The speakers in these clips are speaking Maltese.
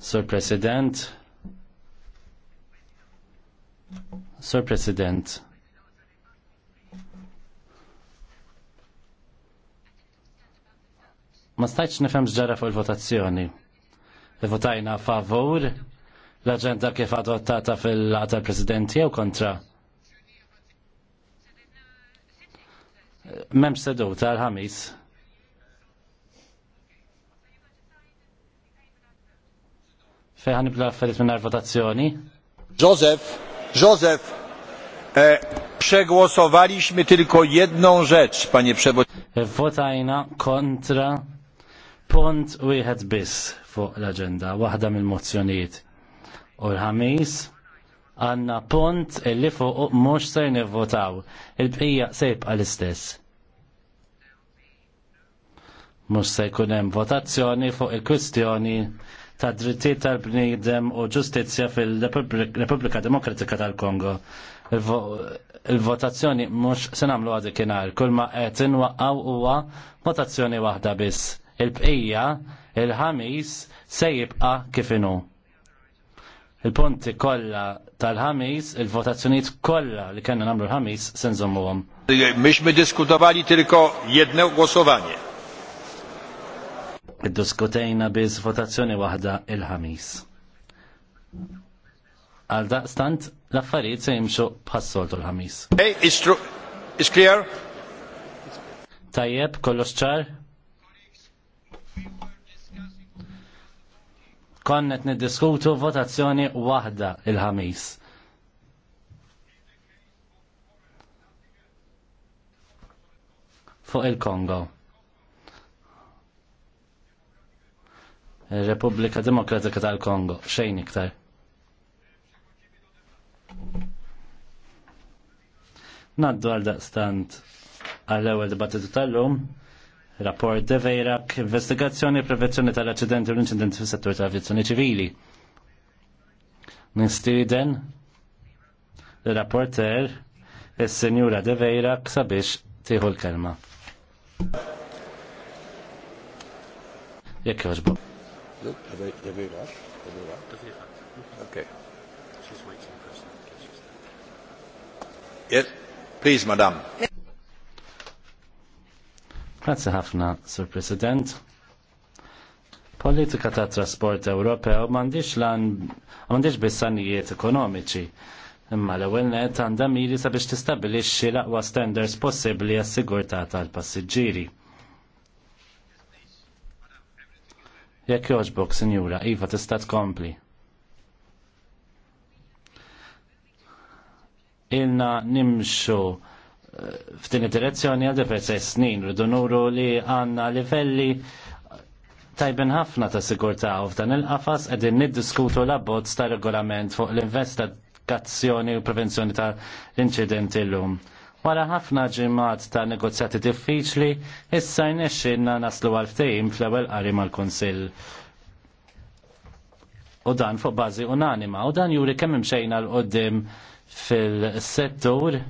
Sir President. Sir President. Ma stajċ nifhem ġara fuq il-votazzjoni. Votajna favur l-agenda kif adottata fil-għata presidenti jew kontra. Memx seduta l-ħamis. Fej ħan nibla affarijiet minn votazzjoni. Joseph, Joseph, e, przegłosowaliśmy tylko jedną rzecz, panie przewodniczący. Votajna kontra punt wieħed biss fuq l-agenda, waħda mill-mozzjonijiet. U l-ħamis għanna punt illi fuq mhux ser nivvotaw. Il-bqija sejb għal l-istess. Mhux se jkun hemm votazzjoni fuq il-kwistjoni ta' drittijiet tal-bniedem u ġustizzja fil-Repubblika Demokratika tal-Kongo. Il-votazzjoni mhux se nagħmlu għadi kienar, kull ma qed inwaqqaw huwa votazzjoni waħda biss. Il-bqija, il-ħamis se jibqa' kif inhu. Il-punti kollha tal-ħamis, il-votazzjonijiet kollha li kellna nagħmlu l-ħamis se nżommuhom. mi diskutowali tylko jedne głosowanie id-diskutejna biz votazzjoni waħda il-ħamis. Għal daqstant, l-affarijiet se jimxu bħassoltu l-ħamis. Hey, it's true. It's clear? Tajjeb, kollox ċar? Konnet niddiskutu votazzjoni waħda il-ħamis. Fuq il-Kongo. Repubblika Demokratika tal-Kongo, xejn iktar. Naddu għal daqstant għal ewwel dibattitu tal-lum, rapport de vejrak, investigazzjoni e prevenzjoni tal-accidenti u l-incidenti fis settur tal-avjazzjoni ċivili. Nistiden l-rapporter il senjura de vejrak sabiex tieħu l-kelma. Jekk joġbok please, madam. Grazie ħafna, Sir President. Politika ta' trasport Ewropew m'għandix lan m'għandix bissanijiet ekonomiċi. Imma l-ewwel net għandha miri sabiex tistabbilixxi l-aqwa standards possibbli għas-sigurtà tal-passiġġieri. Jekk joġbok, sinjura, Iva, tista' tkompli. Ilna nimxu eh, f'din id-direzzjoni għal diversi snin rridu nuru li għanna livelli tajben ħafna ta' sigurtà u f'dan il-qafas qegħdin niddiskutu l-abbozz ta' regolament fuq l-investigazzjoni u prevenzjoni ta' l-inċidenti l-lum. Wara ħafna ġimgħat ta' negozjati diffiċli, issa jnexxinna naslu għal ftehim fl-ewwel qari mal-Kunsill. U dan fuq bażi unanima, u dan juri kemm imxejna l qoddim fil-settur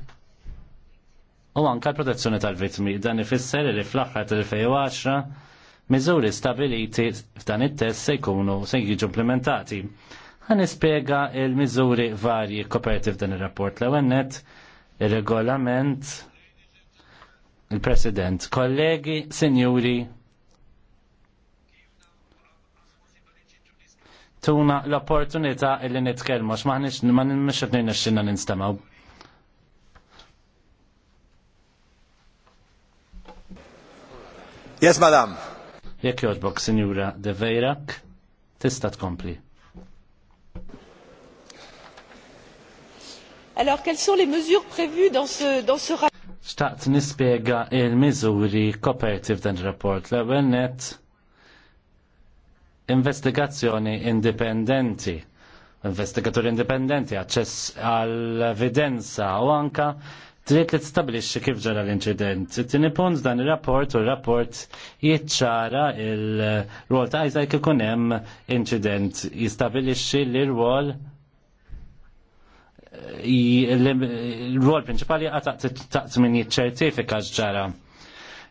u anka l-protezzjoni tal-vittmi. Dan ifisser li fl-aħħar tal-2010 miżuri stabiliti f'dan it-test se jkunu se jiġu implementati. nispjega l miżuri varji koperti f'dan ir-rapport l-ewennet. nett. Il-regolament, il-president, kollegi, sinjuri, tuna l-opportunità illi nitkellmu ma nix ma nix qed nirnexxinna Yes, madam. Jekk jogħġbok, Sinjura De Vejrak, tista' tkompli. Alors, quelles sont les mesures prévues dans ce, dans ce rapport? Staqt nispiega il-mizuri koperti f'dan il-rapport. l ewwel net investigazzjoni indipendenti, investigatori indipendenti, aċċess għall-evidenza u anka trid li tstabilixxi kif ġara l-inċident. It-tieni punt dan ir-rapport u r-rapport jiċċara il-rwol ta' Isaac ikun hemm inċident jistabilixxi l rwol il-rol principali għataq taqt minn jitċertifika ġara.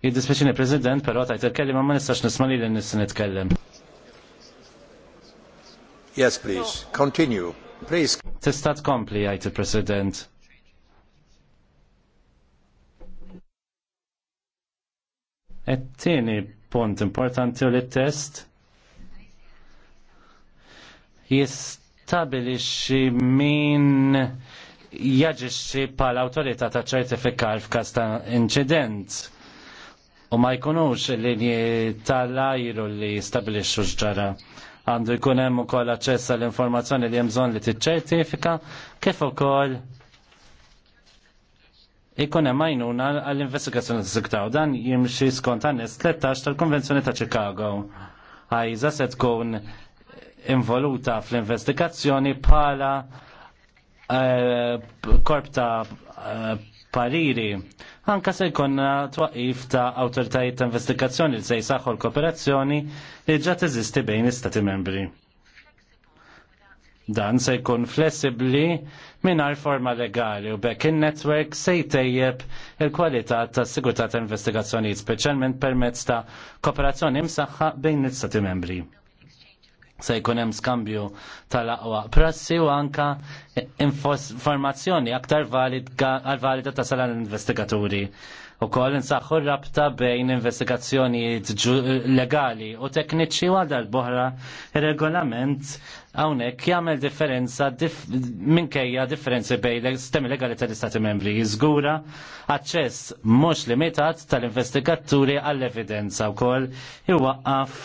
Jiddispeċini prezident, pero għata il-kellim ma nistax nisma li l-nis Yes, please. Continue. Please. Tista kompli, għajt il-President. et tini punt importanti u li test jist tistabilixxi min jaġixxi bħala awtorità ta' ċertifikar f'każ ta' inċident u ma jkunux linji tal-ajru li stabilixxu x'ġara. Għandu jkun hemm ukoll aċċess għall informazzjoni li hemm bżonn li tiċċertifika kif ukoll ikun hemm għajnuna għall-investigazzjoni ta' siktaw Dan jimxi skont għan 13 tal-Konvenzjoni ta' Chicago. Għajza se tkun involuta fl-investigazzjoni bħala eh, korp ta' eh, pariri. Anka se jkonna twaqif ta' autoritajiet ta' investigazzjoni li se jisaxħu l-kooperazzjoni li ġa teżisti bejn istati membri. Dan se jkun flessibli minar forma legali u bekk il-network se jtejjeb il-kwalità ta' sigurtà ta' investigazzjonijiet, speċjalment permezz ta' kooperazzjoni msaħħa bejn l-istati membri se jkun hemm skambju tal-aqwa prezzi u anka informazzjoni aktar valida ta' salan l-investigaturi. U koll nsaħħu rabta bejn investigazzjonijiet legali u tekniċi u għadal boħra regolament għawnek jgħamil differenza dif minkejja differenzi bejn sistemi legali tal-Istati membri jizgura aċċess mhux limitat tal-investigaturi għall-evidenza u koll jwaqqaf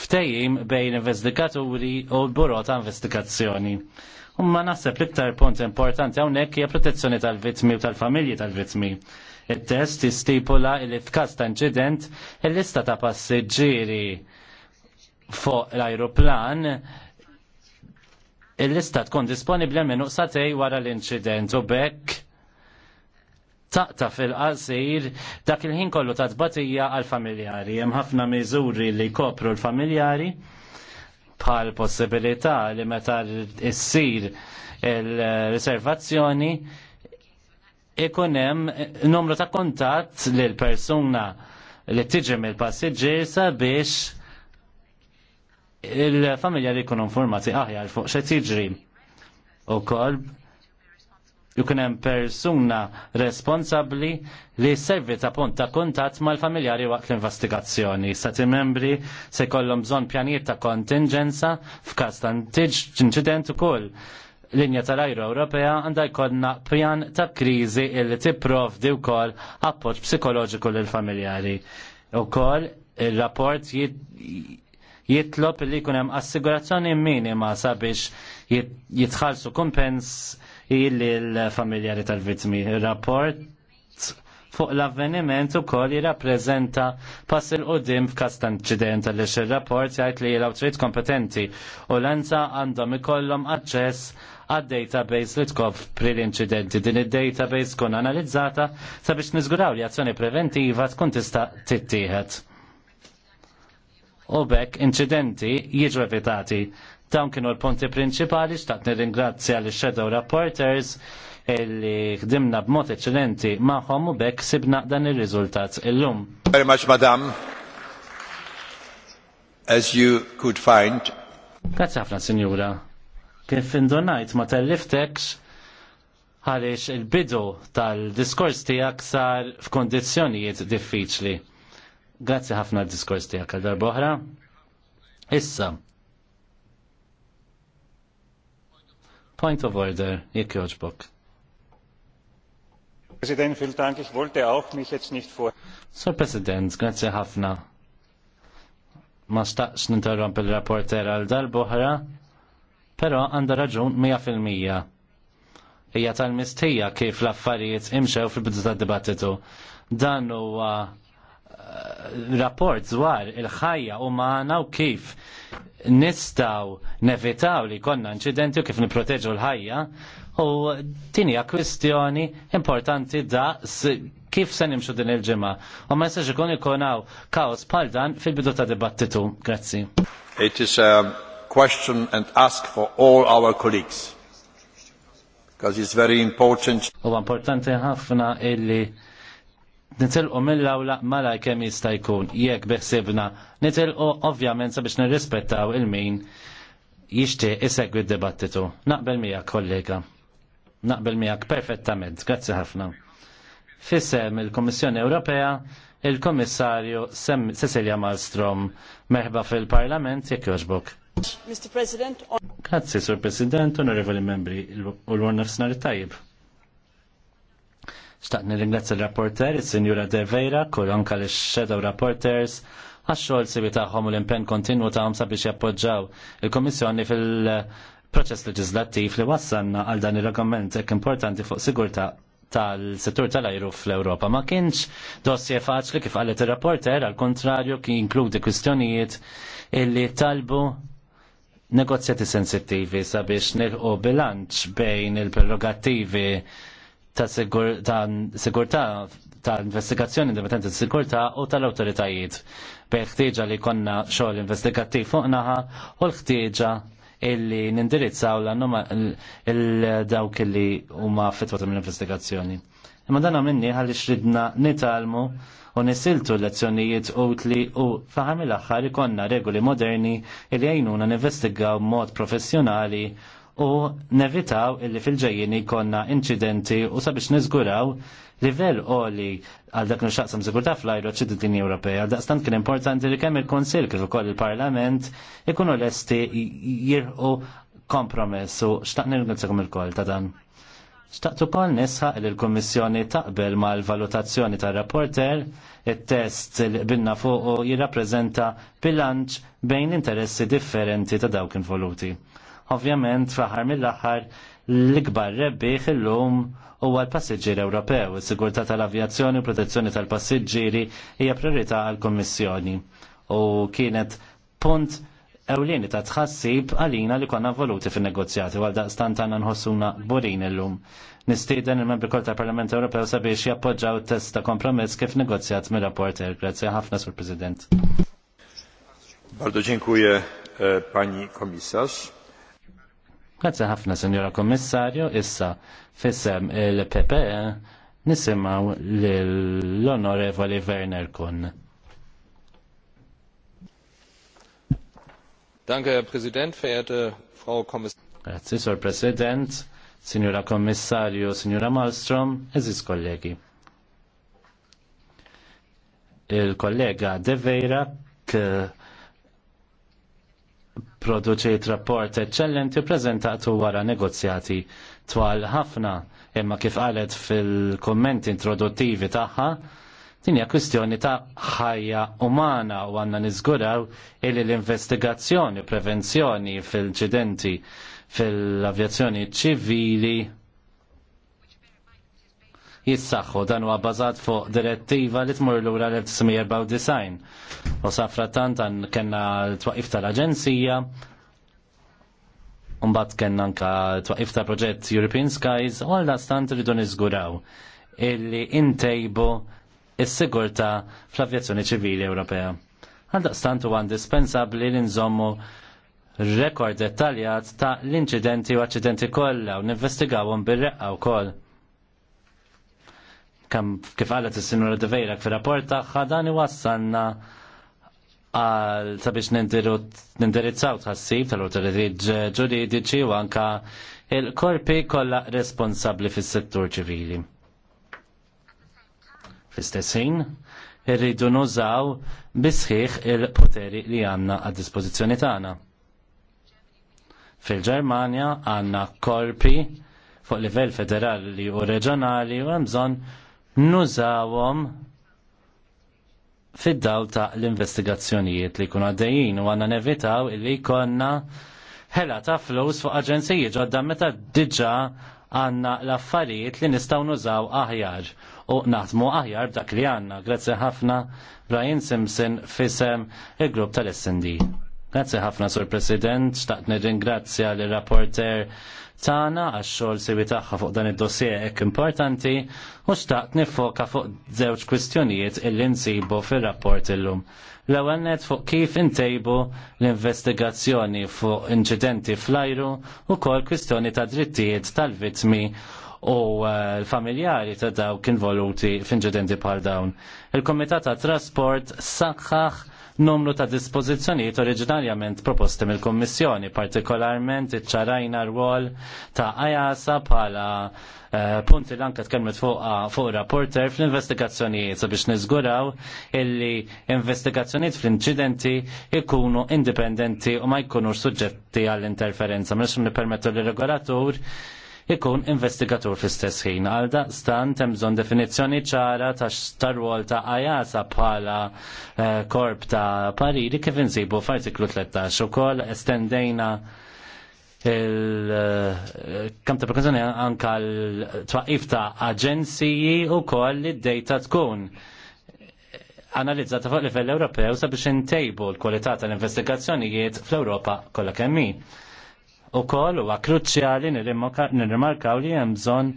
ftejim bejn investigaturi u l-buro ta' investigazzjoni. Umma naħseb l-iktar punt importanti hawnhekk hija protezzjoni tal-vittmi u tal-familji tal-vittmi. Il-test jistipula il f'każ ta' inċident il-lista ta' passiġġieri fuq l-ajruplan il-lista tkun disponibbli minn uqsatej wara l-inċident u bekk taqta fil-qasir dak il-ħin kollu ta' tbatija għal-familjari. Hemm ħafna miżuri li kopru l-familjari bħal possibilità li meta issir il-riservazzjoni ikun hemm numru ta' kuntatt lil persuna li tiġi mill-passiġġier sabiex il familjari li jkunu informati aħjar fuq xe tiġri u kolb Jukun hemm persuna responsabbli li servi ta' punt ta' kuntatt mal-familjari waqt l-investigazzjoni. Sati membri se jkollhom bżonn pjanijiet ta' kontingenza f'każ ta' inċident ukoll linja tal-ajru Ewropea għandha jkollna pjan ta' kriżi illi tipprovdi wkoll appoġġ psikoloġiku lill familjari. Ukoll ir-rapport jitlob li jkun hemm assigurazzjoni minima sabiex jitħallsu kumpens illi l-familjari tal-vittmi. rapport fuq l-avveniment u koll jirrapprezenta pass il-qoddim f'kas ta' inċident li rapport jgħid li l-awtorit kompetenti u l-anza għandhom ikollhom aċċess għad-database li pri l-inċidenti. Din id-database kun analizzata sabiex niżguraw li azzjoni preventiva tkun tista' tittieħed. U bekk inċidenti jiġu evitati Dawn kienu l-punti prinċipali, xtaqt nirringrazzja l shadow Rapporters illi ħdimna b'mod eċċellenti magħhom u bekk sibna dan ir-riżultat il illum. Very much, madam. As you could find. Grazzi ħafna, sinjura. Kif indonajt ma telliftekx għaliex il-bidu tal-diskors tiegħek sar f'kondizzjonijiet diffiċli. Grazzi ħafna d-diskors tiegħek għal darba oħra. Issa, Point of order, jekk joġbok. Präsident, vielen Dank. Ich wollte auch mich jetzt nicht vor. Sir President, grazie ħafna. Ma staqs ninterromp il-rapporter għal darboħra, pero għanda raġun 100%. Ija tal-mistija kif l-affarijiet imxew fil-bidu ta' dibattitu Dan huwa uh, rapport zwar il-ħajja u maħna u kif nistaw nevitaw li konna incidenti u kif niproteġu l-ħajja u tinija kwistjoni importanti da kif se nimxu din il-ġimma. U ma jistax ikun ikonaw kaos pal dan fil-bidu ta' dibattitu. Grazzi. It is a question and ask for all our colleagues. Because it's very important. U importanti ħafna illi nitilqu mill-awla mala kemm jista' jkun jekk beħsibna nitilqu ovvjament sabiex nirrispettaw il-min jixtieq isegwi d-dibattitu. Naqbel miegħek kollega. Naqbel miegħek perfettament, grazzi ħafna. Fissem il-Kommissjoni Ewropea il-Kommissarju Cecilia Malmstrom merħba fil-Parlament jekk joġbok. Mr. President. Grazzi, Sur President, onorevoli membri, u l-għon nafsnar tajib. Xtaqt ringrazzi l-rapporter, il-Sinjura De Vera, anka l-Shadow Rapporters, għax-xogħol sibi tagħhom u l-impenn kontinu taħħom sabiex jappoġġaw il komissjoni fil-proċess leġislattiv li wassanna għal dan ir-regolament hekk importanti fuq sigurtà tal-settur tal-ajru fl-Europa. Ma kienx dossier faċli kif għalet il-rapporter, għal kontrarju ki inkludi kwistjonijiet illi talbu negozjati sensittivi sabiex nilqu bilanċ bejn il-prerogativi ta' sigurtà ta' investigazzjoni indipendenti ta' sigurtà u tal-awtoritajiet bej ħtieġa li konna xogħol investigattiv fuq naħa u l-ħtieġa illi nindirizzaw l-dawk illi huma ta' mill-investigazzjoni. Imma dan minni ħalli xridna nitalmu u nisiltu lezzjonijiet utli u faħam l-axħar ikonna regoli moderni li jgħinuna nivestigaw mod professjonali u nevitaw illi fil-ġejjini ikonna incidenti u sabiex nizguraw livell oli għal dak xaqsam sigurta fl-ajru ċittadini Ewropej. Għal daqstant kien importanti li kemm il-Konsil kif ukoll il-Parlament ikunu lesti jirqu kompromess u xtaq nirgħu il-koll ta' dan. Xtaqt ukoll nisħaq li l-Kummissjoni taqbel mal-valutazzjoni tar-rapporter il test li binna fuq jirrappreżenta bilanċ bejn interessi differenti ta' dawk involuti. Ovvjament, fl-aħħar mill-aħħar, l-ikbar rebbieħ illum huwa l-passiġġier Ewropew. Is-sigurtà tal-avjazzjoni u protezzjoni tal-passiġġieri hija priorità għall-Kummissjoni u kienet punt ewlieni ta' tħassib għalina li konna voluti fin negozjati għal daqstan tagħna nħossuna burin illum. Nistieden il-membri kol tal Parlament Ewropew sabiex jappoġġaw test ta' kompromess kif negozjat mir rapporter Grazzi ħafna sur President. Bardo dziękuję e, pani komisarz. Grazie ħafna, Signora Kommissarju, issa fissem il-PPE nisimaw l-Onorevoli Werner Kun. Danke, Herr Präsident, verehrte Frau Kommissarin. Grazie, Sor President, Signora Kommissarju, Signora Malmström, eżis kollegi. Il-kollega De Vera produċejt rapport eċċellenti prezentatu wara negozjati twal ħafna imma kif qalet fil-kommenti introduttivi tagħha din hija kwistjoni ta' ħajja umana u għandna nizguraw illi l-investigazzjoni, prevenzjoni fil-ċidenti fil-avjazzjoni ċivili jissaxħu dan huwa bażat fuq direttiva li tmur lura l-1994. U safratan tan kena twaqif tal-Aġenzija, Umbat kena anka twaqif ta' proġett European Skies, u għal stant rridu niżguraw illi intejbu is-sigurta fl-avjazzjoni ċivili Ewropea. Għal daqstant huwa indispensabbli li nżommu rekord dettaljat ta' l-inċidenti u accidenti kollha u ninvestigawhom bir-reqqa wkoll. Kam kif għalet il-Sinura d fil-rapport tagħha dan iwassalna għal sabiex nindirizzaw tħassib tal-autoritet ġuridiċi u anka il-korpi kollha responsabbli fis-settur ċivili. Fistessin, istessin irridu nużaw bisħiħ il-poteri li għanna għad dispożizzjoni tagħna. Fil-Ġermanja għanna korpi fuq livell federali u reġjonali u hemm bżonn nużawhom fid ta' l-investigazzjonijiet li kuna għaddejjin u għanna nevitaw illi konna ħela ta' flus fuq aġenzijiet ġodda meta diġa għanna l-affarijiet li nistaw nużaw aħjar u naħdmu aħjar b'dak li għanna. Grazzi ħafna Brian Simpson fisem il-grupp tal-SND. Grazzi ħafna, Sur President, xtaqt nirringrazzja l-rapporter tagħna għax-xogħol sewi tagħha fuq dan id-dossier hekk importanti u xtaqt nifoka fuq żewġ kwistjonijiet illi nsibu fir-rapport illum. L-ewwel net fuq kif intejbu l-investigazzjoni fuq inċidenti fl-ajru u kol kwistjoni ta' drittijiet tal-vittmi u uh, l-familjari ta' daw kien voluti finġedenti bħal dawn. Il-Komitat ta' Trasport saħħaħ numru ta' dispożizzjonijiet oriġinarjament proposti mill-Kommissjoni, partikolarment iċċarajna rwol ta' ajasa bħala uh, punti l-anka tkellmet fuq uh, fuq rapporter fl-investigazzjonijiet sabiex niżguraw illi investigazzjonijiet fl-inċidenti ikunu indipendenti u ma jkunux suġġetti għall-interferenza. Mhux nippermettu l-regolatur ikun investigatur fl-istess ħin. Għal da stan temżon definizzjoni ċara ta' starwol ta' ajasa bħala eh, korp ta' pariri kif insibu f'artiklu 13 u kol estendejna il-kam eh, ta' prekazzjoni anka l-twaqif ta' aġenziji u koll d dejta tkun analizzata fuq livell Ewropew sabiex intejbu l-kwalità tal-investigazzjonijiet fl-Ewropa kollha kemm U kol huwa kruċjali nirrimarkaw li hemm bżonn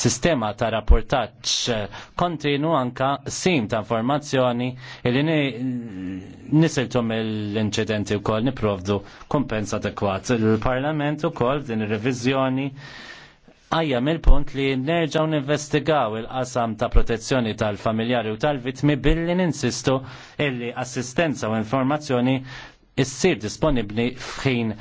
sistema ta' rapportaġġ eh, kontinu anka sim ta' informazzjoni li nisiltu mill-inċidenti wkoll niprovdu kumpens adekwat. Il-Parlament ukoll din ir-reviżjoni għajja mill-punt li nerġaw ninvestigaw il-qasam ta' protezzjoni tal-familjari u tal-vitmi billi ninsistu illi assistenza u informazzjoni issir disponibli fħin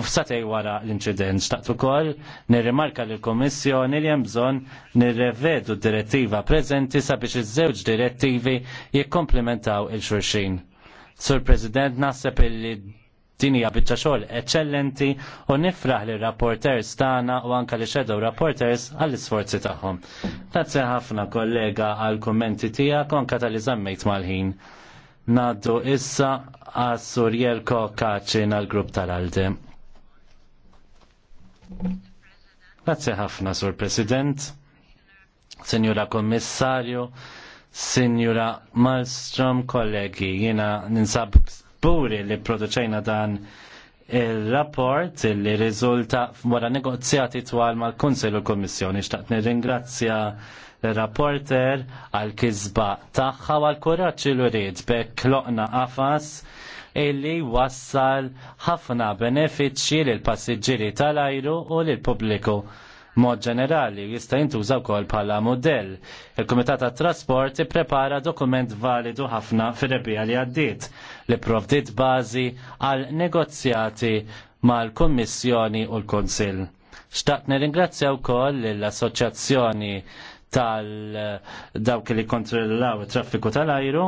f'satej wara l-inċident. Xtaqt ukoll nirrimarka lill kummissjoni li hemm bżonn nirrevedu d-direttiva preżenti sabiex iż-żewġ direttivi jikkomplementaw il-xurxin. Sur President, naħseb illi din hija biċċa xogħol eċċellenti u nifraħ li rapporters tagħna u anke li shadow rapporters għall-isforzi tagħhom. Grazzi ħafna kollega għall kummenti tiegħek u anke tal-li żammejt mal-ħin. Naddu issa għassur Jelko Kaċin għal-grupp tal-Alde. Grazie ħafna, Sur President, Senjura Kommissarju, Senjura Malmstrom, kollegi, jina ninsab buri li produċejna dan il-rapport li riżulta wara negozjati twal mal-Kunsel u kommissjoni Xtaqt nirringrazzja ir rapporter għal-kizba tagħha u għal-kuraċ li rrid bekk loqna qafas illi wassal ħafna benefiċċji lil passiġġieri tal-ajru u lil pubbliku mod ġenerali jista' jintuża wkoll bħala modell. Il-Kumitat tat-Trasport ipprepara dokument validu ħafna fir-rebija li għaddiet li pprovdiet bażi għal negozjati mal-Kummissjoni u l-Kunsill. Xtaqt nirringrazzja wkoll l-Assoċjazzjoni tal-dawk li kontrollaw traffiku tal-ajru,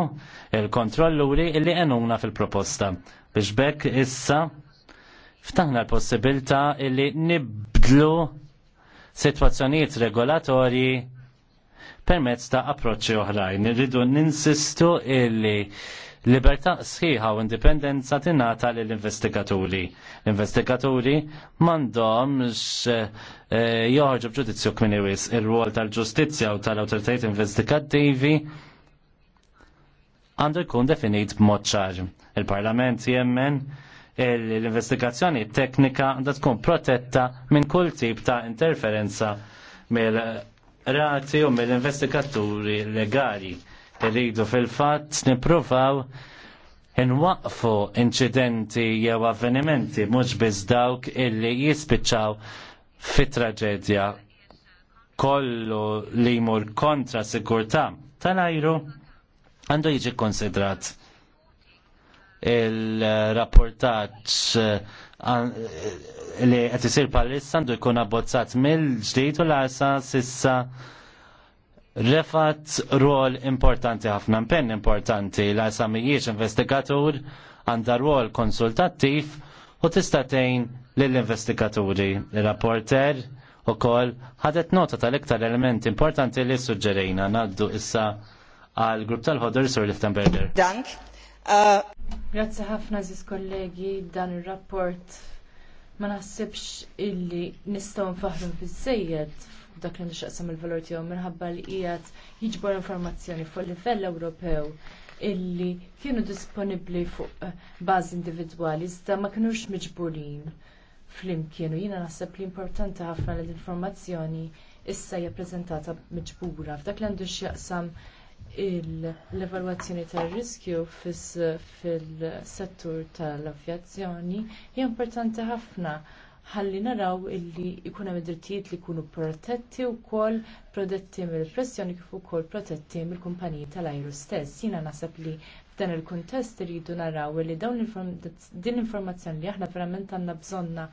il-kontrolluri li enuna fil-proposta. Biex bekk issa ftaħna l-possibilta li nibdlu situazzjonijiet regolatorji permezz ta' approċċi oħrajn. Irridu ninsistu illi libertà sħiħa u indipendenza tingħata lill investigaturi L-investigaturi m'għandhomx eh, joħorġu b'ġudizzju kminiwis wis ruol tal-ġustizzja u tal-awtoritajiet investigattivi għandu jkun definit b'mod ċar. Il-Parlament jemmen l-investigazzjoni teknika għandha tkun protetta minn kull tip ta' interferenza mill-rati u mill-investigaturi legali Irridu fil-fatt nippruvaw inwaqfu inċidenti jew avvenimenti mhux biss dawk illi jispiċċaw fit traġedja kollu li jmur kontra sigurtà tal-ajru għandu jiġi konsidrat il-rapportaċ eh, li qed isir issa għandu jkun abbozzat mill-ġdid u l-għasa sissa refat rol importanti ħafna impenn importanti la samijiex investigatur għandha rol konsultattiv u tista' tgħin lill-investigaturi. Il-rapporter ukoll ħadet nota tal-iktar elementi importanti li suġġerejna naddu issa għal grupp tal-ħodur Sur Liftenberger. Dank. Uh, Grazzi ħafna ziz kollegi dan ir rapport ma naħsibx illi nistgħu nfaħru biżejjed dak li nixqasam il-valur tiegħu minħabba li qiegħed jiġbor informazzjoni fuq livell Ewropew illi kienu disponibbli fuq eh, bażi individwali iżda ma kinux miġburin flimkien jiena naħseb li importanti ħafna li l-informazzjoni issa hija ppreżentata miġbura f'dak li għandu x'jaqsam l-evalwazzjoni tar riskju fil-settur tal-avjazzjoni hija importanti ħafna ħalli naraw illi jkun hemm id-drittijiet li jkunu protetti wkoll protetti mill-pressjoni kif ukoll protetti mill-kumpaniji tal-ajru stess. Jiena naħseb li f'dan il-kuntest iridu naraw li dawn din l-informazzjoni li aħna verament għandna bżonna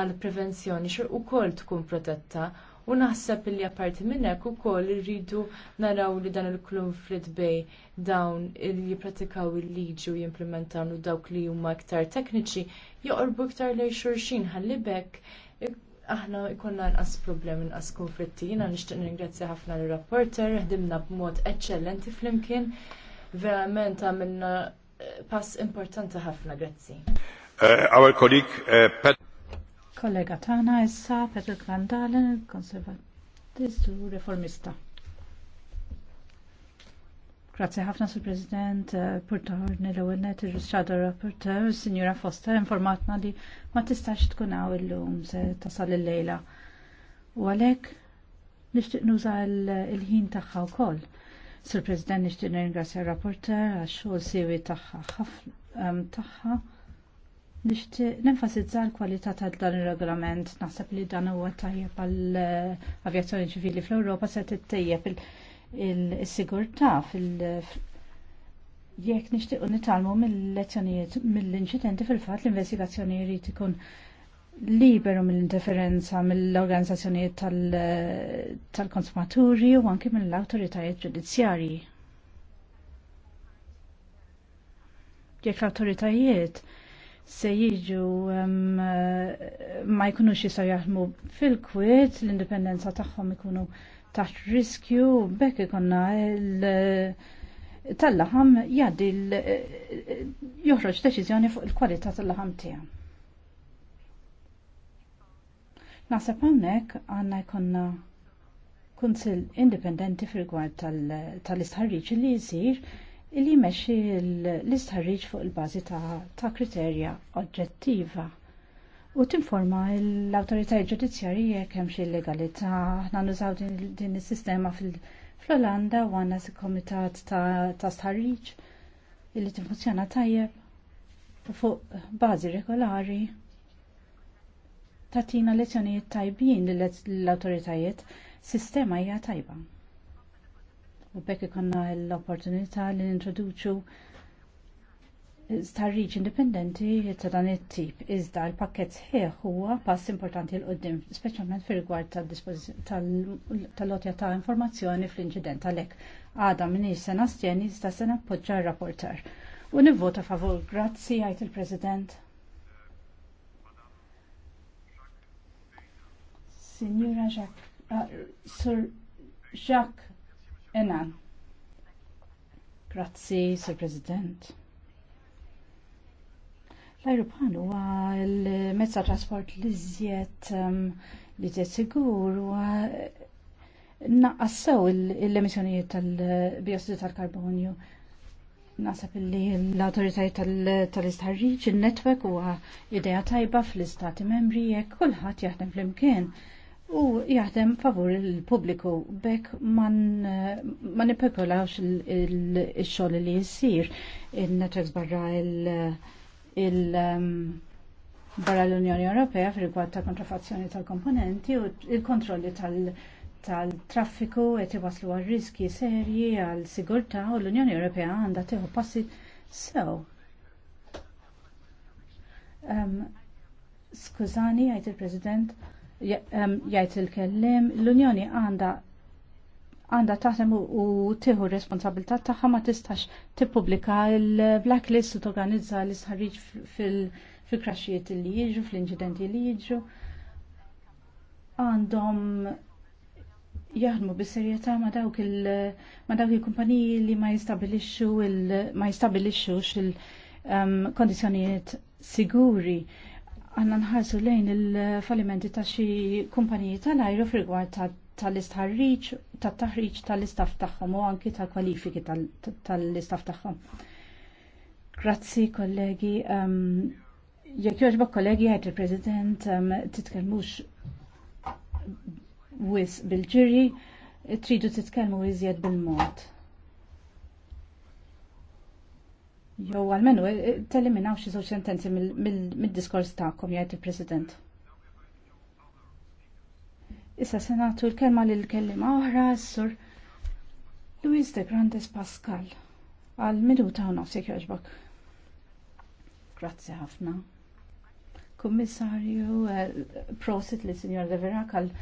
għall prevenzjoni xir ukoll tkun protetta U naħseb li apparti minn hekk ukoll irridu naraw li dan il-konflitt bej dawn li jippratikaw il-liġi u jimplementaw u dawk li huma iktar tekniċi joqorbu iktar lejn xulxin ħalli bekk aħna ikonna nqas problem nqas konflitti. Jiena nixtieq ningrazzja ħafna l rapporter ħdimna b'mod eċċellenti flimkien. Verament għamilna eh, pass importanti ħafna, grazzi. Eh, our colleague eh, kollega tana issa Petr Kvandalen, konservatist u reformista. Grazie ħafna sul President eh, Purtor nil il rusċadu Rapporteur, Signora Foster, informatna li ma tistax tkun għaw il-lum se tasal il-lejla. U għalek nishtiq nuża il-ħin taħħa u koll. Sul President nishtiq nirringrazzja Rapporteur għax xogħol siwi taħħa taħħa Nixtieq nenfasizza l-kwalità ta' dan ir-regolament. Naħseb li dan huwa tajjeb għall-avjazzjoni ċivili fl-Ewropa se tittejjeb il-sigurtà fil- jekk nixtiequ nitalmu mill-lezzjonijiet mill-inċidenti fil-fatt l-investigazzjoni jrid ikun liberu mill-interferenza mill-organizzazzjonijiet tal-konsumaturi u anke mill-awtoritajiet ġudizzjarji. Jekk l-awtoritajiet se jiġu eh, ma jkunux jisaw jaħdmu fil-kwiet, l-indipendenza tagħhom ikunu taħt riskju, bekk ikonna eh, tal-laħam jaddi eh, joħroġ deċiżjoni fuq il-kwalità tal-laħam tijam. Naħseb hawnhekk għandna jkollna kunsill indipendenti fil-gwad tal istħarriċ li jsir illi meċi l-istħarriġ fuq il-bażi ta' kriterja oġġettiva u tinforma l-awtoritajiet ġudizzjarji jekk hemm xi legalità. Aħna nużaw din is-sistema fl-Olanda u għandna komitat ta' stħarriġ illi tinfunzjona tajjeb fuq bażi regolari tatina lezzjonijiet tajbin l-autoritajiet sistema hija tajba. U bekk ikonna l-opportunità li nintroduċu starriċ indipendenti ta' dan it-tip. Iżda l-pakket sħiħ huwa pass importanti l qoddim speċjalment fir rigward tal-lotja ta' informazzjoni fl-inċident għalhekk. Għada minix sena stjeni iżda sena poġġa rapporter. U nivvota favur, grazzi għajt il-President. Signora Jacques, uh, Sir Jacques Enan. Grazzi, Sir President. L-aeroplan huwa l-mezza trasport li żjed um, li żjed sigur huwa eh, naqqassew l-emissjonijiet tal-biossidu tal-karbonju. Nasab li l-autoritajiet tal-istħarriġ, il-netwek huwa idea tajba fl-istati membri jekk kulħadd jaħdem flimkien. imkien u jaħdem favur il-pubbliku bekk ma nipepolawx il xol li jsir in-networks barra il- um, barra l-Unjoni Ewropea fil-rigward ta' kontrafazzjoni tal-komponenti u il-kontrolli tal-traffiku qed iwaslu għal riski serji għal sigurtà u l-Unjoni Ewropea għandha tieħu passi sew. Um, skużani, għajt il-President, jgħid il-kellim, l-Unjoni għandha għanda taħdem u tiħu responsabilità tagħha ma tistax tippubblika l-blacklist u torganizza l-isħarriġ fil-kraxxijiet li jiġu, fl-inċidenti li jiġu. Għandhom jaħdmu bis-serjetà ma dawk il ma dawk il-kumpaniji li ma jistabilixxu il ma il-kondizzjonijiet um, siguri għanna nħarsu lejn il fallimenti ta' xi kumpaniji tal-ajru fil gwart tal-istħarriċ, tal-taħriċ tal-istaf tagħhom u anki tal-kwalifiki tal-istaf tagħhom. Grazzi kollegi. Jekk jogħġbok kollegi għajt il-President titkellmux wis bil-ġiri, tridu titkellmu iżjed bil-mod. Jo, għalmenu, e, e, teliminaw xi żewġ sentenzi mid-diskors ta' jgħid il-President. Issa se nagħtu l-kelma lil kellima oħra s-sur Luis de Grandes Pascal għal minuta u nofsek jogħġbok. Grazzi ħafna. Kummissarju, eh, prosit li Sinjor Rivera għal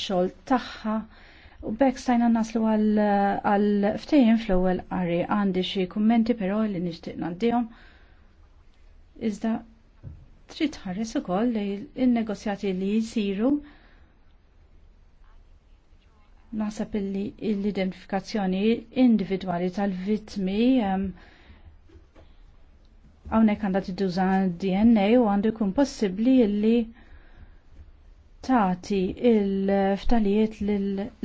xogħol tagħha U bekk stajna naslu għal ftejn fl-ewwel qari għandi xi kummenti però li nixtieq ngħaddihom. Iżda trid tħares ukoll li n-negozjati li jsiru naħseb li l-identifikazzjoni individwali tal-vittmi hawnhekk għandha tidduża DNA u għandu jkun possibbli li tati il-ftalijiet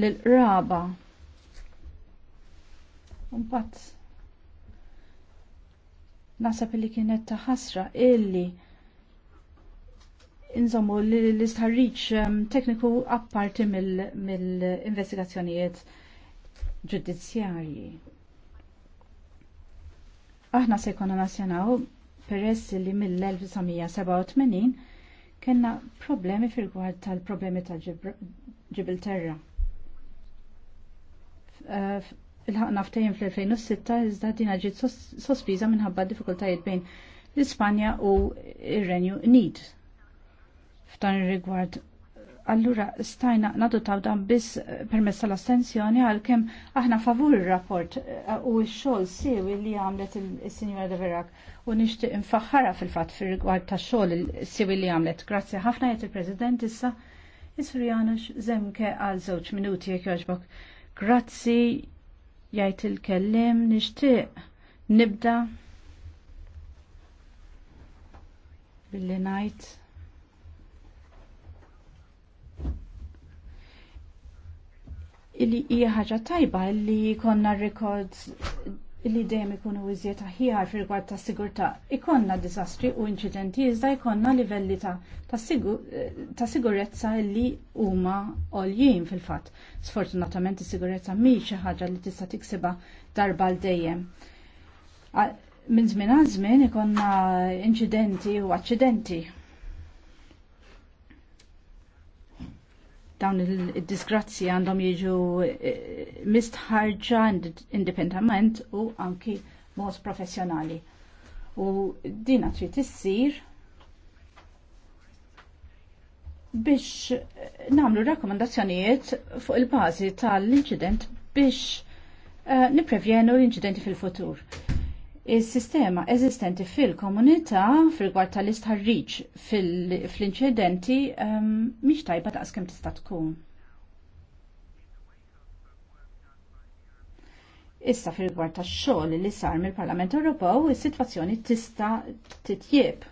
l-raba. Unbat, nasab li kienet taħasra illi inżommu l istarriċ ehm, tekniku apparti mill-investigazzjonijiet ġudizzjarji. Aħna se jkunu nasjonaw peress li mill-1987 kena problemi fil-gwad tal-problemi tal-Ġibilterra. Eh, il-ħakna ftejn fl-2006 iżda dina ġiet sospiża minħabba diffikultajiet bejn l-Ispanja u ir-Renju Unit. F'dan ir-rigward allura stajna nadu taw dan biss eh, permess tal-astenzjoni għalkemm aħna favur ir-rapport eh, u x-xogħol siewi li għamlet il-Sinjora de Verak u nixtieq infaħħara fil-fatt fir-rigward tax-xogħol siewi li għamlet. Grazzi ħafna jgħid il-President issa jisfri Janux Zemke għal żewġ minuti jekk jogħġbok. Grazzi jgħid il-kellim nixtieq nibda billi ngħid Illi hija ħaġa tajba li konna records li dejjem ikunu iżjed aħjar fil-rigward ta' sigurtà. Ikonna diżastri u inċidenti iżda jkollna livelli ta', ta, sigur, ta sigurezza li huma għoljin fil-fatt. Sfortunatament is-sigurezza mhix xi ħaġa li tista' tiksiba darba l dejjem. Minn żmien għal żmien ikonna inċidenti u aċċidenti dawn il-disgrazzi għandhom jiġu eh, mistħarġa indipendament u anki mos professjonali. U dina trid issir biex eh, namlu rakkomandazzjonijiet fuq il-bażi tal-inċident biex uh, niprevjenu l-inċidenti fil-futur. Is-sistema eżistenti fil-komunità fil-gwar tal-istħarriġ fil-inċidenti um, ehm, miex tajba ta' kemm tista' tkun. Issa fil rigward tax-xogħol li sar mill-Parlament Ewropew, is-sitwazzjoni tista' titjieb.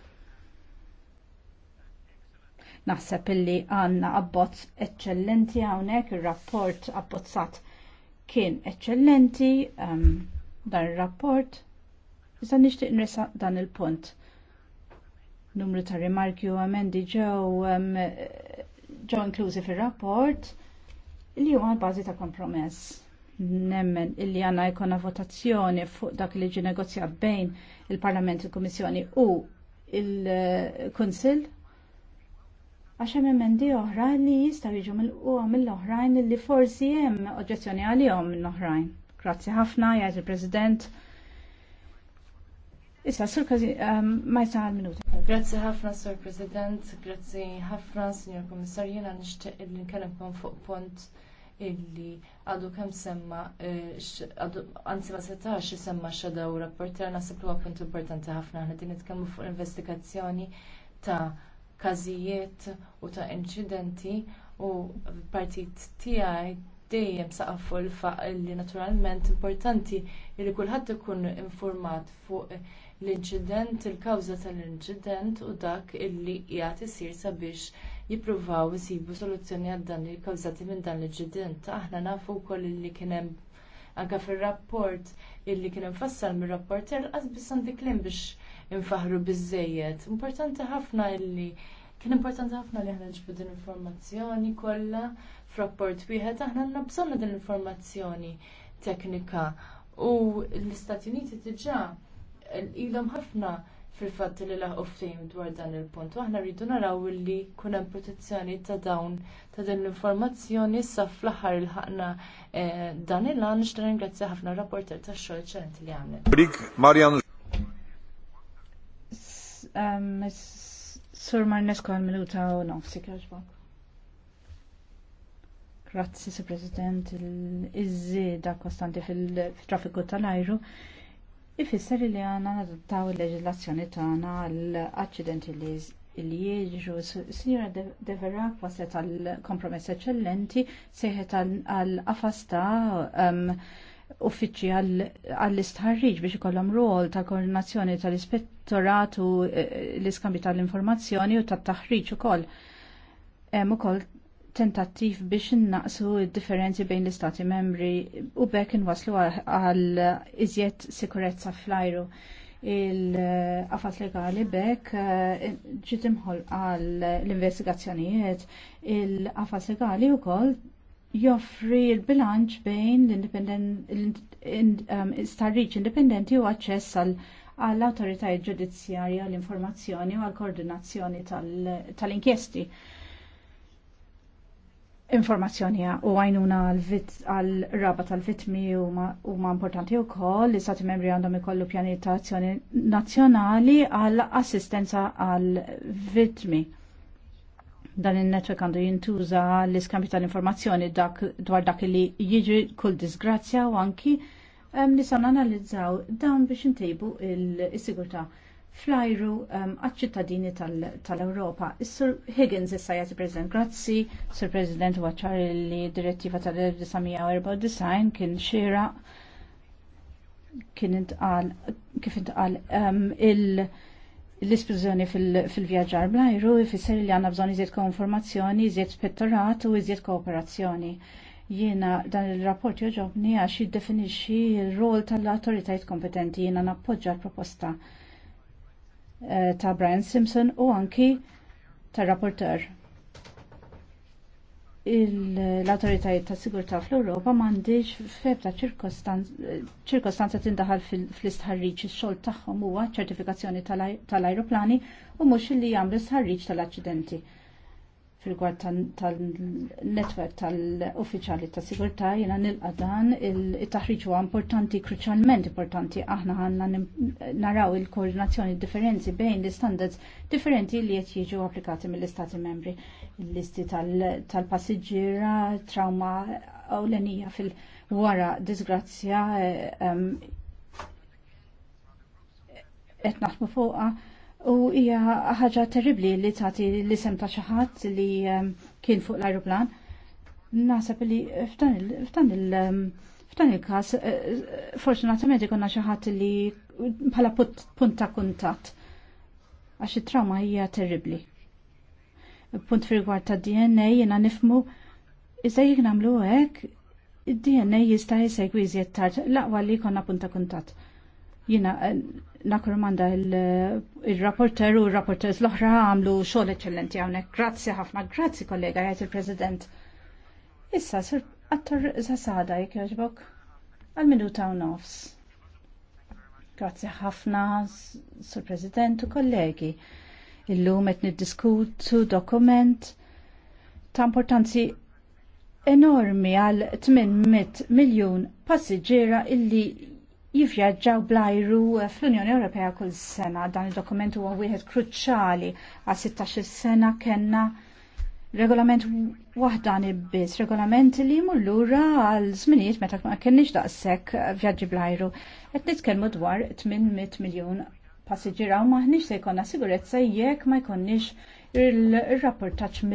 Naħseb illi għandna abbozz eċċellenti hawnhekk, ir-rapport abbozzat kien eċċellenti, ehm, dan ir-rapport Issa nixtieq nresa dan il-punt. Numru ta' rimarki u amendi ġew ġew inklużi fir-rapport li huwa bażi ta' kompromess. Nemmen illi għanna jkun votazzjoni fuq dak li ġi negozjat bejn il-Parlament, il-Kummissjoni u il-Kunsill għax hemm emendi oħra li jistgħu jiġu mill quwa mill-oħrajn li forsi hemm oġġezzjoni għalihom mill-oħrajn. Grazzi ħafna, jgħid il-President. Issa, sur um, ma jisa għal-minuta. Grazzi ħafna, Sur President, grazzi ħafna, Signor Komissar, jena nishtiq li nkellimkom fuq punt illi għadu kem semma, eh, għanzi ma setax semma xadaw rapporter, nasib huwa punt importanti ħafna, ħna dinit nitkellmu fuq investigazzjoni ta' kazijiet u ta' incidenti u partit tiegħi dejjem saqaf fuq il-faq li naturalment importanti li kulħadd ikun infurmat fuq l-inċident, il-kawża tal-inċident u dak illi qiegħed isir sabiex jippruvaw isibu soluzzjoni għad dan li kkawżati minn dan l-inċident. Aħna nafu wkoll illi kien hemm anke fir-rapport illi kien infassal mir rapport qas biss għandik klim biex infaħru biżżejjed. Importanti ħafna illi kien importanti ħafna li aħna nġbu din informazzjoni kollha f'rapport wieħed aħna għandna bżonn din informazzjoni teknika. U l-Istati Uniti diġà ilhom ħafna fil-fatt li laħ uftim dwar dan il-punt. Aħna rridu naraw li kun hemm protezzjoni ta' dawn ta' din l-informazzjoni sa fl-aħħar il-ħaqna eh, dan il-għan nixtra ringrazzja ħafna rapporter tax xogħol ċerent li għamlet. Brik Marjan. Sur Marnesko għal minuta u nofsi kħaxbak. Grazzi, Sir President, il-izzida kostanti fil-traffiku tal-ajru ifisser li għana nadottaw il-leġislazzjoni tagħna għall-aċċidenti li s sira deverak waset għal kompromess eccellenti seħet għal afasta um, uffiċi għall-istħarriġ biex ikollhom ruol ta' koordinazzjoni tal-ispettorat u eh, l-iskambju tal-informazzjoni u tat-taħriġ ukoll. Hemm ukoll tentattiv biex innaqsu differenzi bejn l-istati membri u bekk inwaslu għal iżjed sikurezza fl-ajru il-qafat legali bekk eh, ġiet għal l-investigazzjonijiet il-qafat legali wkoll joffri l-bilanċ bejn l-istarriċ eh, indipendenti u aċċess għal għall autoritajiet ġudizzjarja l-informazzjoni u għall koordinazzjoni tal-inkjesti. Tal informazzjoni u għajnuna għal-raba tal-vitmi u ma importanti u koll li stati membri għandhom ikollu pjani ta' azzjoni nazjonali għal-assistenza għal-vitmi. Dan il-netwek għandu jintuża l-iskambi tal-informazzjoni dwar dak li jiġri kull disgrazzja u anki nisan analizzaw dan biex intejbu il-sigurta. il sigurta flajru um, għal-ċittadini tal-Europa. Is-Sur Higgins issa jgħati President, grazzi, Sur President waċar li direttiva tal-1994 kien xira kien intqal kif intqal um, il- l-isplużjoni fil-vjaġġar bl-ajru ifisser li għanna bżon iżjed konformazzjoni, iżjed spettorat u iżjed kooperazzjoni. Jiena dan il-rapport joġobni għax jiddefinixxi il-rol tal-autoritajt kompetenti jiena nappoġġa l-proposta Eh, ta' Brian Simpson u anki ta' rapporter. L-autoritajiet ta' sigurtà fl-Europa mandiġ febda ċirkostanza tindaħal fl-istħarriċ ix-xogħol tagħhom huwa ċertifikazzjoni tal-ajruplani u mhux li jagħmlu stħarriġ tal-aċċidenti fil-gwad tal-netwerk tal-uffiċjali ta' sigurtà jiena nilqa' dan it-taħriġ huwa importanti kruċjalment importanti aħna għandna naraw il-koordinazzjoni differenzi bejn l-istandards differenti li qed jiġu applikati mill-Istati membri. Il-listi tal-passiġġiera, trauma ewlenija fil-wara disgrazzja eh, qed naħdmu fuqha U hija ħaġa terribli li tagħti l-isem ta' xi ħadd li ehm, kien fuq l-ajruplan. Nasab li f'dan il- ehm, il-każ eh, eh, fortunatament ikonna xi ħadd li bħala punt ta' kuntatt għax it-trauma hija terribli. Punt fil-gwar ta' DNA jiena nifmu iżda jien nagħmlu hekk id-DNA jista' jsegwi iżjed tard laqwa li jkollna punt ta' kuntatt. Jiena eh, Nakurmanda il-rapporter u rapporters l-oħra għamlu xogħol eċċellenti hawnhekk. Grazzi ħafna, grazzi kollega jgħid il-President. Issa sir attar zasada jekk jogħġbok għal-minuta u nofs. Grazzi ħafna, sur President u kollegi. Illum qed niddiskutu dokument ta' importanzi enormi għal 800 miljun passiġġiera illi jivvjaġġaw blajru fl-Unjoni Ewropea kull sena. Dan il-dokument huwa wieħed kruċjali għal 16 sena kellna regolament waħdan biss, regolament li jmur lura għal żminijiet meta ma kenniex daqshekk vjaġġi blajru. Qed nitkellmu dwar 800 miljun passiġġier hawn maħniex se jkollna sigurezza jekk ma jkollniex il-rapportaġġ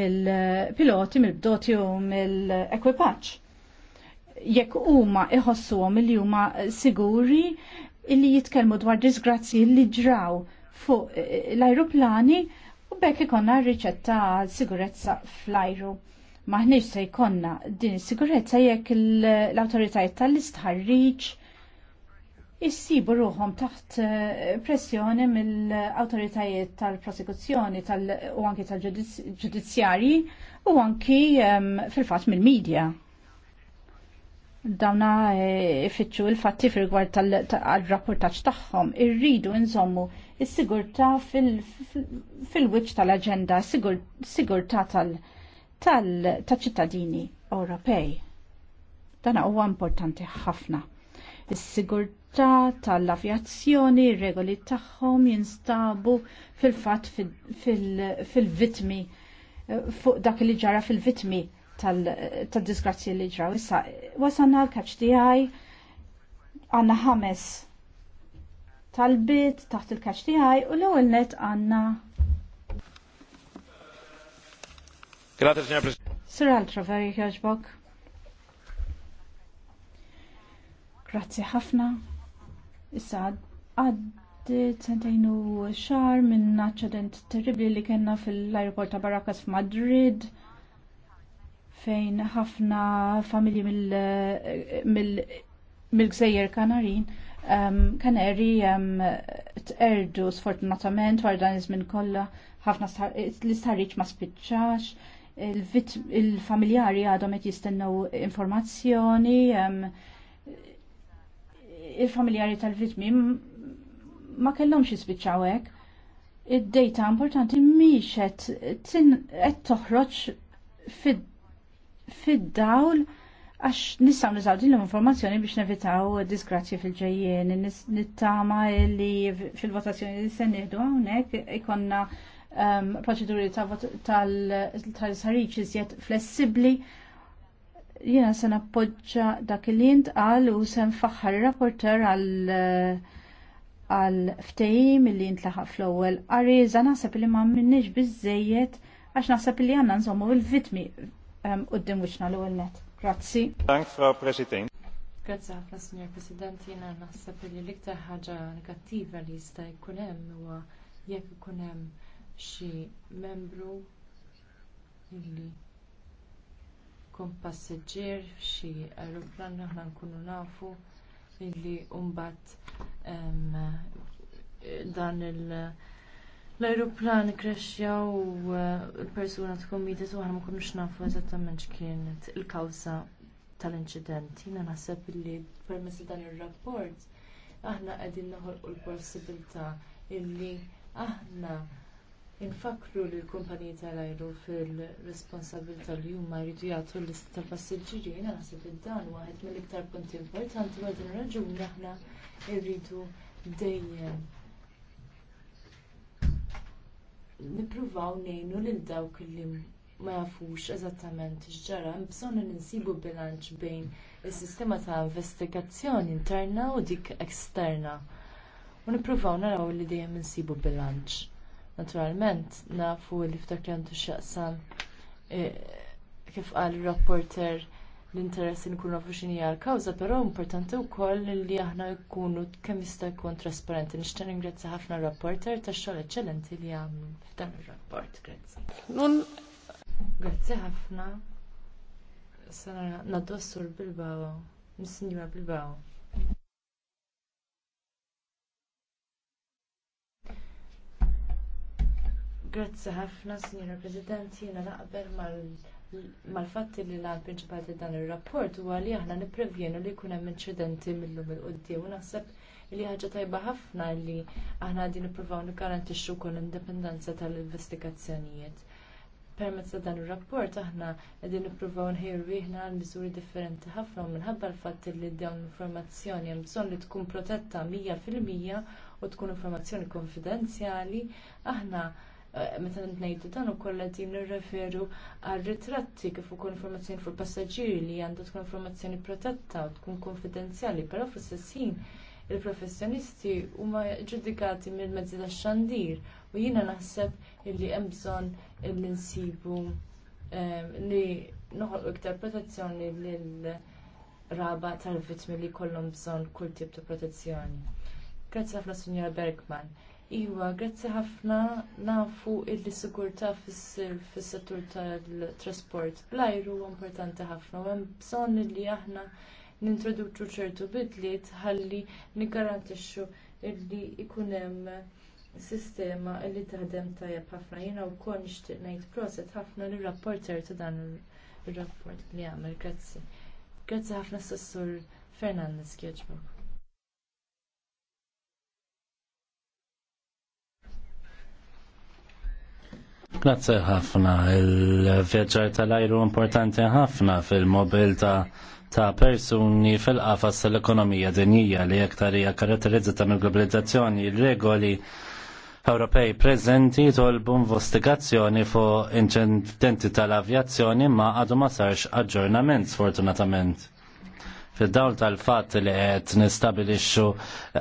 mill-piloti, mill-bdoti u mill-ekwipaġġ jekk huma iħossuhom li huma siguri illi jitkellmu dwar disgrazzi li ġraw fuq eh, eh, l-ajruplani u bekk ikonna riċetta sigurezza fl-ajru. Maħniġ se jkonna din is-sigurezza jekk l-awtoritajiet tal-istħarriġ jissibu ruħom taħt eh, pressjoni mill-autoritajiet tal-prosekuzzjoni tal u anki tal-ġudizzjari u anki ehm, fil-fat mill-medja dawna eh, ifittxu il-fatti fil gwart tal-rapportaċ tagħhom irridu nżommu il-sigurta fil-wicċ tal-agenda, sigurtà tal-ċittadini Ewropej. Dan huwa importanti ħafna. Is-sigurtà tal-avjazzjoni, ir-regoli tagħhom jinstabu fil-fatt fil-vitmi eh, fuq dak li ġara fil-vitmi tal disgrazzi li ġraw. Issa, wasanna l-kaċ tiegħi għandna ħames tal-bit taħt il-kaċ u l-ewwel net għandna. Grazie, signor Presidente. Sir Altraveri, jogħġbok. Grazzi ħafna. Issa għaddit sentajn u xar minn aċċident terribli li kena fil ajruport ta' Barakas f'Madrid. Madrid fejn ħafna familji mill-gżejjer Kanarin Kanari t-erdu sfortunatament war dan iż-żmien kollha ħafna l istarriċ ma spiċċax, il-familjari għadhom qed jistennew informazzjoni, il-familjari tal vitmi ma kellhomx jispiċċaw hekk. Id-dejta importanti mhix qed toħroġ fid fid-dawl għax nistaw nizaw din l-informazzjoni biex nevitaw disgrazzi fil-ġejjien, nittama li fil-votazzjoni li se nieħdu hawnhekk ikonna um, proċeduri tal-sħariċ iżjed flessibli. Jiena se nappoġġa dak li intqal u se nfaħħar rapporter għal eh, għal ftehim li intlaħaq fl-ewwel qari naħseb li ma minniex biżejjed għax naħseb li għandna nżommu il-vitmi Um, qoddim wiċna l net. Grazzi. Dank, Frau President. Grazzi ħafna, Signor President, jiena naħseb li l-iktar ħaġa negattiva li jista' jkun hemm huwa jekk ikun membru illi kun passiġġier f'xi aeroplan aħna nkunu nafu illi mbagħad dan il- L-aeroplan krexja u uh, l-persuna tkun midet u ma konnux nafu eżattament x'kienet il-kawża tal-inċident. Jiena naħseb li permessi dan ir-rapport aħna qegħdin noħolqu l-possibilità illi aħna infakru li l-kumpaniji tal-ajru fil-responsabilità li huma jridu jagħtu l-lista tal-passiġġieri, jiena naħseb li dan waħed mill-iktar punti importanti għal din raġuni aħna jridu dejjem nippruvaw ngħinu lil dawk li ma jafux eżattament x'ġara, bżonn ninsibu bilanċ bejn is-sistema ta' investigazzjoni interna u dik eksterna. U nippruvaw naraw li dejjem insibu bilanċ. Naturalment, nafu li f'dak li għandu eh, kif qal ir rapporter l-interess li nkunu nafu x'inhi l-kawża, però importanti wkoll li aħna nkunu kemm jista' jkun trasparenti. Nixtieq ningrazzja ħafna rapporter tax-xogħol eċċellenti li għamlu f'dan ir-rapport. Grazzi. Nun Grazzi ħafna. Sena nadossur Bilbao, mis Bilbao. Grazzi ħafna, Signora President, jiena naqbel mal mal-fatt li l-għal prinċipali dan ir rapport huwa li aħna nipprevjenu li jkun hemm inċidenti millum il-qoddim u naħseb li ħaġa tajba ħafna li aħna għadin nippruvaw nikarantixxu wkoll l-indipendenza tal-investigazzjonijiet. Permezz ta' dan ir-rapport aħna qegħdin nippruvaw nħejru rieħna għal miżuri differenti ħafna u minħabba l-fatt li dawn l-informazzjoni hemm bżonn li tkun protetta mija fil-mija u tkun informazzjoni konfidenzjali, aħna Eh, meta ngħidu dan ukoll din nirreferu għal ritratti kif ukoll informazzjoni fuq passaġġieri li għandha tkun informazzjoni protetta u tkun konfidenzjali, però fl-istess il-professjonisti huma ġudikati mill-mezzi tax-xandir u jiena naħseb illi hemm bżonn illi nsibu eh, li noħolqu iktar protezzjoni lill raba tal-vittmi li jkollhom bżonn kull tip ta' protezzjoni. Grazzi ħafna Sinjora Bergman. Iwa, grazzi ħafna nafu illi sigurta fis-settur tal-trasport bl-ajru huwa importanti ħafna u hemm bżonn li aħna nintroduċu ċertu bidliet ħalli niggarantixxu illi ikun hemm sistema illi taħdem tajjeb ħafna. Jiena wkoll nixtieq ngħid proset ħafna lir rapporter ta' dan ir-rapport li għamel. Grazzi. Grazzi ħafna s-sessur Fernandez Kieġbok. Grazie ħafna. Il-vjaġġar tal-ajru importanti ħafna fil-mobilta ta' persuni fil-qafas tal-ekonomija dinjija li aktar hija karatterizzata mill-globalizzazzjoni regoli Ewropej preżenti tolbu investigazzjoni fuq inċidenti tal-avjazzjoni ma għadu ma sarx aġġornament sfortunatament. Fid-dawl tal-fatt li qed nistabilixxu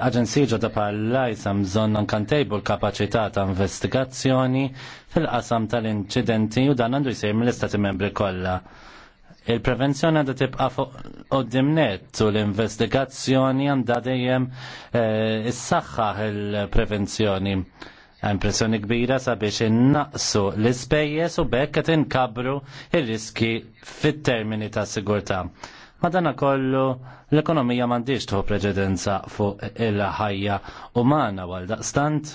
aġenzija ġodda bħal-lajsa bżonn nkantejbu l-kapaċità ta' investigazzjoni fil-qasam tal-inċidenti u dan għandu jsir mill-Istati Membri kollha. Il-prevenzjoni għandha tibqa' fuq qoddimnet u l-investigazzjoni għandha dejjem eh, s-saħħa il-prevenzjoni impressjoni kbira sabiex innaqsu l-ispejjeż u bekk qed inkabru ir-riski fit-termini ta' sigurtà. Madana kollu l-ekonomija mandiġ tħu preġedenza fuq il-ħajja umana għal daqstant.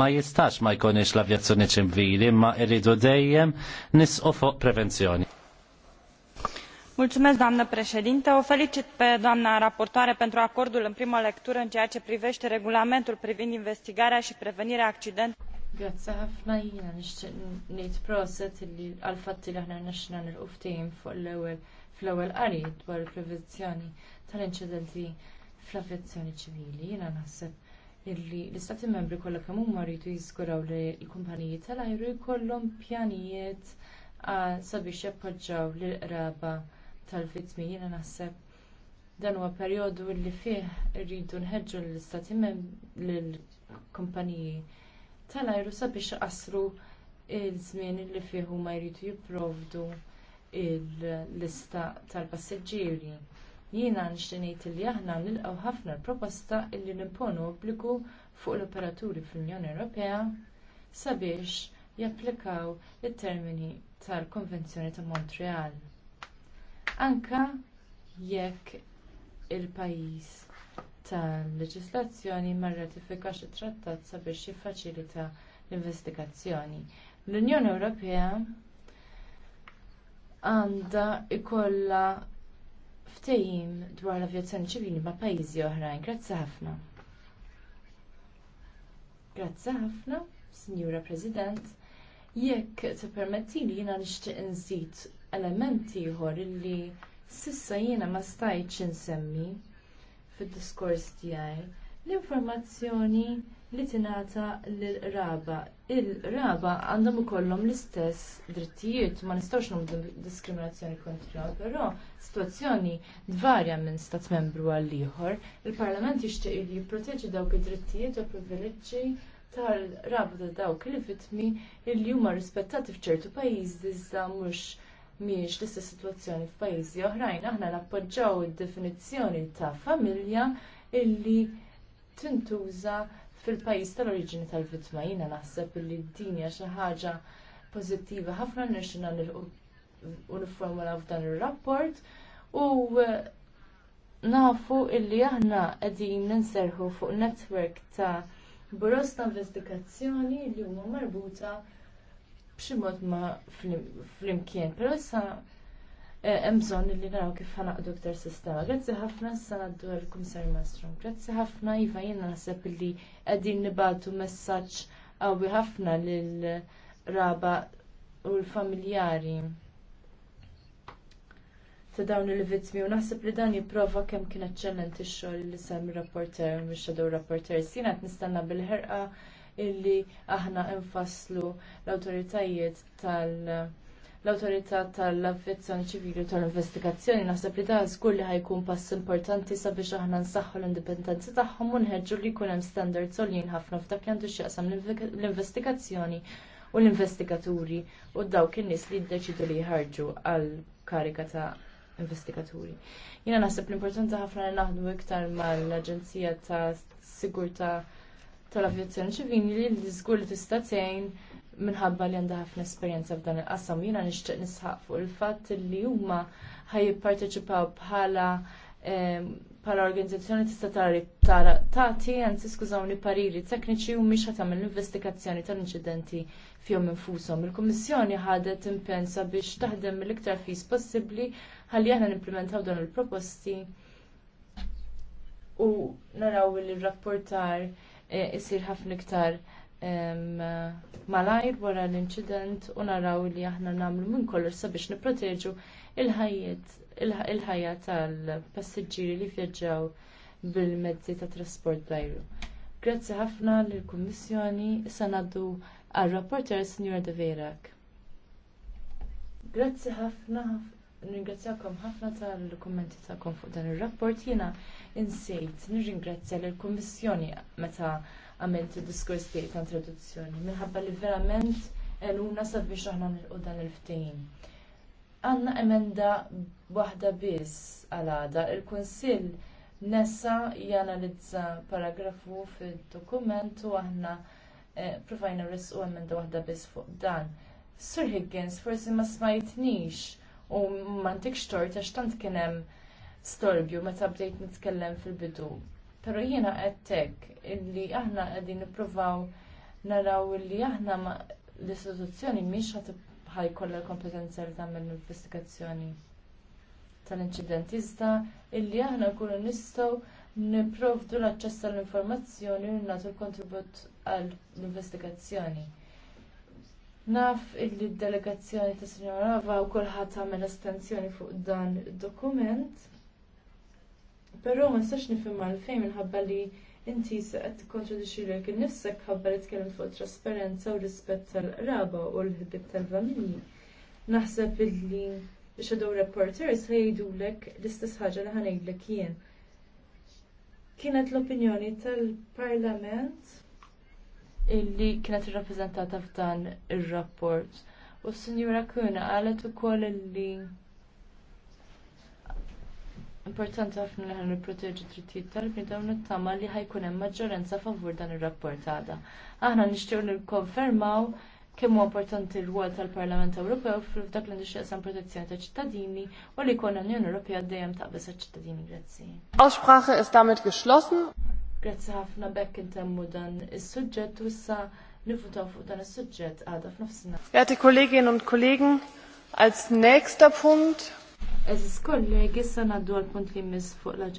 Ma jistax ma jkunix l-avjazzjoni ċivili, ma irridu dejjem nisqu fuq prevenzjoni. Mulțumesc, doamnă președinte. O felicit pe doamna raportoare pentru acordul în primă lectură în ceea ce privește regulamentul privind investigarea și prevenirea accidentelor. Grazzi ħafna jiena nixtieq ngħid proset li għall fatt li aħna rnexxina nilqu ftehim fuq l-ewwel fl-ewwel qari dwar il-prevenzjoni tal-inċidenti fl affezzjoni ċivili. Jiena naħseb illi l-istati membri kollha kemm huma rridu jiżguraw li l-kumpaniji tal-ajru jkollhom pjanijiet sabiex jappoġġaw lill-qraba tal-vittmi. Jiena naħseb dan huwa perjodu li fih rridu nħeġġu l-istati lill-kumpaniji tal-ajru sabiex qasru il-żmien li fih huma jridu jipprovdu il-lista tal-passiġġieri. Jiena nixtieq ngħid li aħna nilqgħu ħafna l-proposta li nimponu obbligu fuq l-operaturi fl-Unjoni Ewropea sabiex japplikaw it-termini tal-Konvenzjoni ta' Montreal. Anke jekk il-pajjiż tal-leġislazzjoni ma rratifikax it-trattat sabiex jiffaċilita l-investigazzjoni. L-Unjoni Ewropea għandha jkollha ftehim dwar l-avjazzjoni ċivili ma' pajjiżi oħrajn. Grazzi ħafna. Grazzi ħafna, Sinjura President. Jekk tippermettili jiena nixtieq inżid elementi ieħor illi sissa jiena ma stajtx insemmi fid-diskors tiegħi. L-informazzjoni li tingħata lill-raba. Il-raba għandhom ikollhom l-istess drittijiet, ma nistgħux nagħmlu diskriminazzjoni kontra, però situazzjoni dvarja minn stat membru għal ieħor. Il-Parlament jixtieq li jipproteġi dawk id-drittijiet u privileġġi tal-raba ta' dawk il vittmi li huma rispettati f'ċertu pajjiż iżda mhux mhijiex l-istess sitwazzjoni f'pajjiżi oħrajn. Aħna nappoġġaw id-definizzjoni ta' familja illi tintuża fil-pajjiż tal-oriġini tal-vittma. Jiena naħseb illi din hija xi ħaġa pożittiva ħafna nirxina uniformola f'dan ir-rapport u uh, nafu illi aħna qegħdin ninserħu fuq netwerk ta' buros ta' investigazzjoni li huma marbuta b'xi mod ma flimkien, pero issa eh, hemm bżonn li naraw kif ħanaqdu ktar sistema. Grazzi ħafna issa għaddu għall-Kumissar Mastrom. Grazzi ħafna iva jien naħseb li qegħdin nibatu messaġġ qawwi ħafna lil raba u l-familjari ta' dawn il vizmi u naħseb li dan jipprova kemm kien eċċellenti x-xogħol li sem rapporter mix shadow rapporter. Sina qed nistanna bil-ħerqa illi aħna nfasslu l-awtoritajiet tal- l-autorità tal-avvezzjoni ċivili tal-investigazzjoni naħseb li dan żgur li ħajkun pass importanti sabiex aħna nsaħħu l-indipendenza tagħhom u nħeġġu li jkun hemm standards għoljin ħafna f'dak li għandu x'jaqsam l-investigazzjoni u l-investigaturi u dawk in-nies li jiddeċidu li jħarġu għal kariga ta' investigaturi. Jiena naħseb l-importanti ħafna li naħdmu iktar mal-Aġenzija ta' Sigurta' tal-avjazzjoni ċivili li żgur li tista' tgħin minħabba li għandha ħafna esperjenza f'dan il-qasam jiena nixtieq nisħaq fuq il-fatt li huma ħajjipparteċipaw bħala ehm, bħala organizzazzjoni tista' tari tagħti anzi skużawni pariri tekniċi u mhix tagħmel investigazzjoni tal-inċidenti fihom infushom. Il-Kummissjoni ħadet impensa biex taħdem mill-iktar fis possibbli ħalli aħna nimplementaw dawn il-proposti u naraw li rapportar jisir eh, ħafna iktar malajr wara l-inċident u naraw li aħna nagħmlu minn kollox sabiex nipproteġu il-ħajja tal-passiġġieri li vjaġġaw bil-mezzi ta' trasport bl Grazzi ħafna lill-Kummissjoni, se ngħaddu għal-rapporter Signora De Verak. Grazzi ħafna Nirringrazzjakom ħafna tal-kommenti tagħkom fuq dan ir-rapport. Jiena insejt nirringrazzja lill kummissjoni meta għamilt id-diskors tiegħi ta' introduzzjoni minħabba li verament eluna sabiex aħna nilqu dan il-ftehim. Għandna emenda waħda biss għal għada. Il-Kunsill nessa janalizza paragrafu fid-dokument u aħna eh, provajna resqu emenda waħda biss fuq dan. Sir Higgins, forsi ma smajtnix u m'għandikx tort għax tant kien hemm storbju meta bdejt nitkellem fil-bidu. Però jiena qed hekk illi aħna qegħdin nippruvaw naraw illi aħna l-istituzzjoni mhix ħajkollha l-kompetenza li tagħmel l-investigazzjoni tal-inċident iżda illi aħna nkunu nistgħu nipprovdu l-aċċess għall informazzjoni u natu l-kontribut għall investigazzjoni Naf illi d-delegazzjoni ta' Sinjora Rava u kolħat għamel estensjoni fuq dan dokument. Pero ma nistax nifhem għalfejn minħabba li inti se qed li lilek nifsek għabba li tkellem fuq trasparenza u rispett tal-raba u l-ħbib tal-familji. Naħseb illi shadow s ħejdulek l-istess ħaġa li ħanejdlek jien. Kienet l-opinjoni tal-Parlament illi kienet irrappreżentata f'dan ir-rapport. U s-Sinjura Kuna qalet ukoll illi importanti ħafna li ħan nipproteġu drittijiet tal-bnidhom nittama li ħajkun hemm maġġoranza favur dan ir-rapport għada. Aħna nixtiequ nikkonfermaw kemm huwa importanti r-rwol tal-Parlament Ewropew f'dak li nixtieqsam protezzjoni ta' ċittadini u li jkollna l-Unjoni Ewropea dejjem taqbeż ċittadini Grazzi. Aussprache ist damit geschlossen. Grazzi ħafna bekk intemmu dan is-suġġett u issa nifutaw fuq dan is-suġġett għadha f'nofsinhar. Għati kollegin und kollegen, als nächster Punkt. Es ist kollegi sanaddu għal-punt li mis fuq l